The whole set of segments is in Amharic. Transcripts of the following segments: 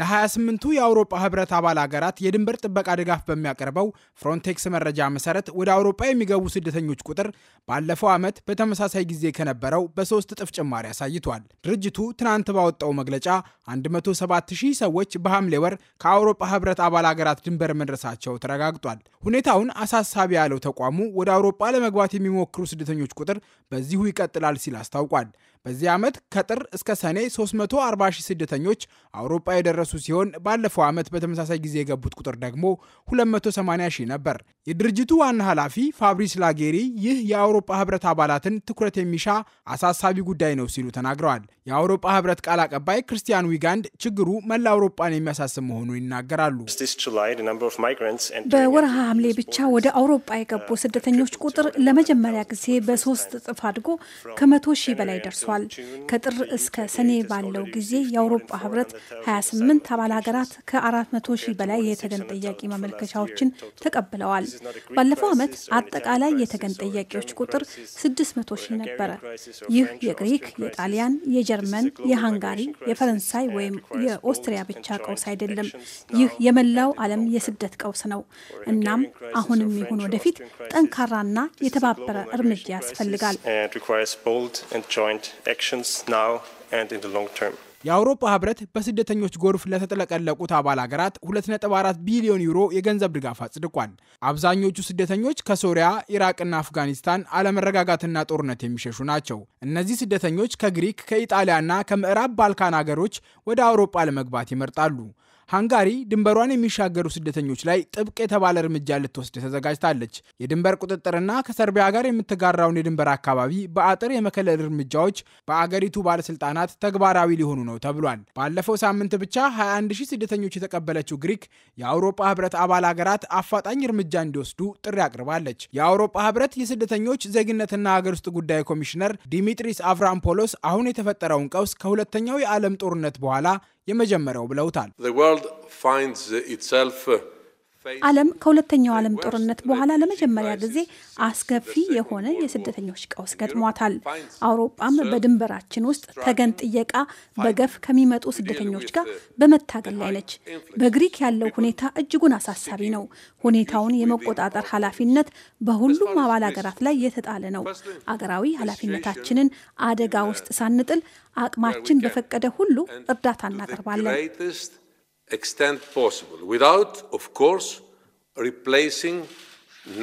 ለ28ቱ የአውሮፓ ህብረት አባል አገራት የድንበር ጥበቃ ድጋፍ በሚያቀርበው ፍሮንቴክስ መረጃ መሰረት ወደ አውሮፓ የሚገቡ ስደተኞች ቁጥር ባለፈው ዓመት በተመሳሳይ ጊዜ ከነበረው በሶስት እጥፍ ጭማሪ አሳይቷል። ድርጅቱ ትናንት ባወጣው መግለጫ 107,000 ሰዎች በሐምሌ ወር ከአውሮፓ ህብረት አባል አገራት ድንበር መድረሳቸው ተረጋግጧል። ሁኔታውን አሳሳቢ ያለው ተቋሙ ወደ አውሮፓ ለመግባት የሚሞክሩ ስደተኞች ቁጥር በዚሁ ይቀጥላል ሲል አስታውቋል። በዚህ ዓመት ከጥር እስከ ሰኔ 340,000 ስደተኞች አውሮፓ የደረሱ የደረሱ ሲሆን ባለፈው ዓመት በተመሳሳይ ጊዜ የገቡት ቁጥር ደግሞ 280 ሺህ ነበር። የድርጅቱ ዋና ኃላፊ ፋብሪስ ላጌሪ ይህ የአውሮፓ ህብረት አባላትን ትኩረት የሚሻ አሳሳቢ ጉዳይ ነው ሲሉ ተናግረዋል። የአውሮፓ ህብረት ቃል አቀባይ ክርስቲያን ዊጋንድ ችግሩ መላ አውሮፓን የሚያሳስብ መሆኑን ይናገራሉ። በወረሃ ሐምሌ ብቻ ወደ አውሮፓ የገቡ ስደተኞች ቁጥር ለመጀመሪያ ጊዜ በሶስት እጥፍ አድጎ ከመቶ ሺህ በላይ ደርሷል። ከጥር እስከ ሰኔ ባለው ጊዜ የአውሮፓ ህብረት 28 ስምንት አባል ሀገራት ከ400 ሺህ በላይ የተገን ጠያቂ ማመልከቻዎችን ተቀብለዋል። ባለፈው ዓመት አጠቃላይ የተገን ጠያቂዎች ቁጥር 600 ሺህ ነበረ። ይህ የግሪክ፣ የጣሊያን፣ የጀርመን፣ የሃንጋሪ፣ የፈረንሳይ ወይም የኦስትሪያ ብቻ ቀውስ አይደለም። ይህ የመላው ዓለም የስደት ቀውስ ነው። እናም አሁንም ይሁን ወደፊት ጠንካራና የተባበረ እርምጃ ያስፈልጋል። የአውሮፓ ህብረት በስደተኞች ጎርፍ ለተጥለቀለቁት አባል ሀገራት 2.4 ቢሊዮን ዩሮ የገንዘብ ድጋፍ አጽድቋል። አብዛኞቹ ስደተኞች ከሶሪያ፣ ኢራቅና አፍጋኒስታን አለመረጋጋትና ጦርነት የሚሸሹ ናቸው። እነዚህ ስደተኞች ከግሪክ፣ ከኢጣሊያና ከምዕራብ ባልካን ሀገሮች ወደ አውሮፓ ለመግባት ይመርጣሉ። ሃንጋሪ ድንበሯን የሚሻገሩ ስደተኞች ላይ ጥብቅ የተባለ እርምጃ ልትወስድ ተዘጋጅታለች። የድንበር ቁጥጥርና ከሰርቢያ ጋር የምትጋራውን የድንበር አካባቢ በአጥር የመከለል እርምጃዎች በአገሪቱ ባለስልጣናት ተግባራዊ ሊሆኑ ነው ተብሏል። ባለፈው ሳምንት ብቻ 21 ሺህ ስደተኞች የተቀበለችው ግሪክ የአውሮፓ ህብረት አባል ሀገራት አፋጣኝ እርምጃ እንዲወስዱ ጥሪ አቅርባለች። የአውሮፓ ህብረት የስደተኞች ዜግነትና ሀገር ውስጥ ጉዳይ ኮሚሽነር ዲሚትሪስ አቭራምፖሎስ አሁን የተፈጠረውን ቀውስ ከሁለተኛው የዓለም ጦርነት በኋላ የመጀመሪያው ብለውታል። ዓለም ከሁለተኛው ዓለም ጦርነት በኋላ ለመጀመሪያ ጊዜ አስከፊ የሆነ የስደተኞች ቀውስ ገጥሟታል። አውሮጳም በድንበራችን ውስጥ ተገን ጥየቃ በገፍ ከሚመጡ ስደተኞች ጋር በመታገል ላይ ነች። በግሪክ ያለው ሁኔታ እጅጉን አሳሳቢ ነው። ሁኔታውን የመቆጣጠር ኃላፊነት በሁሉም አባል ሀገራት ላይ የተጣለ ነው። አገራዊ ኃላፊነታችንን አደጋ ውስጥ ሳንጥል አቅማችን በፈቀደ ሁሉ እርዳታ እናቀርባለን። extent possible, without, of course, replacing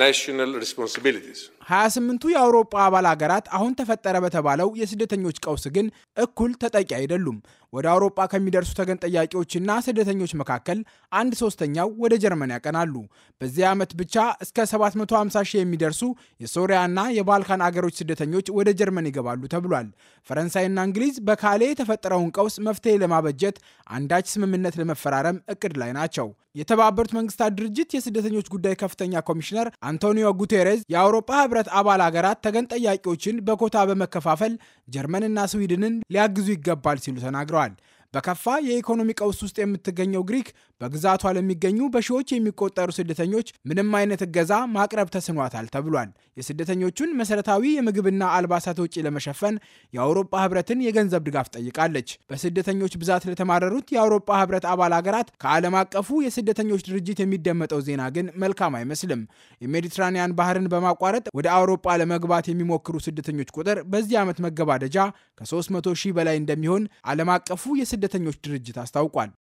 ናሽናል ሪስፖንሲቢሊቲስ 28ቱ የአውሮፓ አባል ሀገራት አሁን ተፈጠረ በተባለው የስደተኞች ቀውስ ግን እኩል ተጠቂ አይደሉም። ወደ አውሮጳ ከሚደርሱ ተገን ጠያቂዎችና ስደተኞች መካከል አንድ ሶስተኛው ወደ ጀርመን ያቀናሉ። በዚህ ዓመት ብቻ እስከ 750 ሺህ የሚደርሱ የሶሪያና የባልካን አገሮች ስደተኞች ወደ ጀርመን ይገባሉ ተብሏል። ፈረንሳይና እንግሊዝ በካሌ የተፈጠረውን ቀውስ መፍትሄ ለማበጀት አንዳች ስምምነት ለመፈራረም እቅድ ላይ ናቸው። የተባበሩት መንግስታት ድርጅት የስደተኞች ጉዳይ ከፍተኛ ኮሚሽነር አንቶኒዮ ጉቴሬዝ የአውሮፓ ህብረት አባል አገራት ተገን ጠያቂዎችን በኮታ በመከፋፈል ጀርመንና ስዊድንን ሊያግዙ ይገባል ሲሉ ተናግረዋል። one. በከፋ የኢኮኖሚ ቀውስ ውስጥ የምትገኘው ግሪክ በግዛቷ ለሚገኙ በሺዎች የሚቆጠሩ ስደተኞች ምንም አይነት እገዛ ማቅረብ ተስኗታል ተብሏል። የስደተኞቹን መሰረታዊ የምግብና አልባሳት ውጪ ለመሸፈን የአውሮፓ ህብረትን የገንዘብ ድጋፍ ጠይቃለች። በስደተኞች ብዛት ለተማረሩት የአውሮፓ ህብረት አባል ሀገራት ከዓለም አቀፉ የስደተኞች ድርጅት የሚደመጠው ዜና ግን መልካም አይመስልም። የሜዲትራኒያን ባህርን በማቋረጥ ወደ አውሮፓ ለመግባት የሚሞክሩ ስደተኞች ቁጥር በዚህ ዓመት መገባደጃ ከ300 ሺህ በላይ እንደሚሆን ዓለም አቀፉ ስደተኞች ድርጅት አስታውቋል።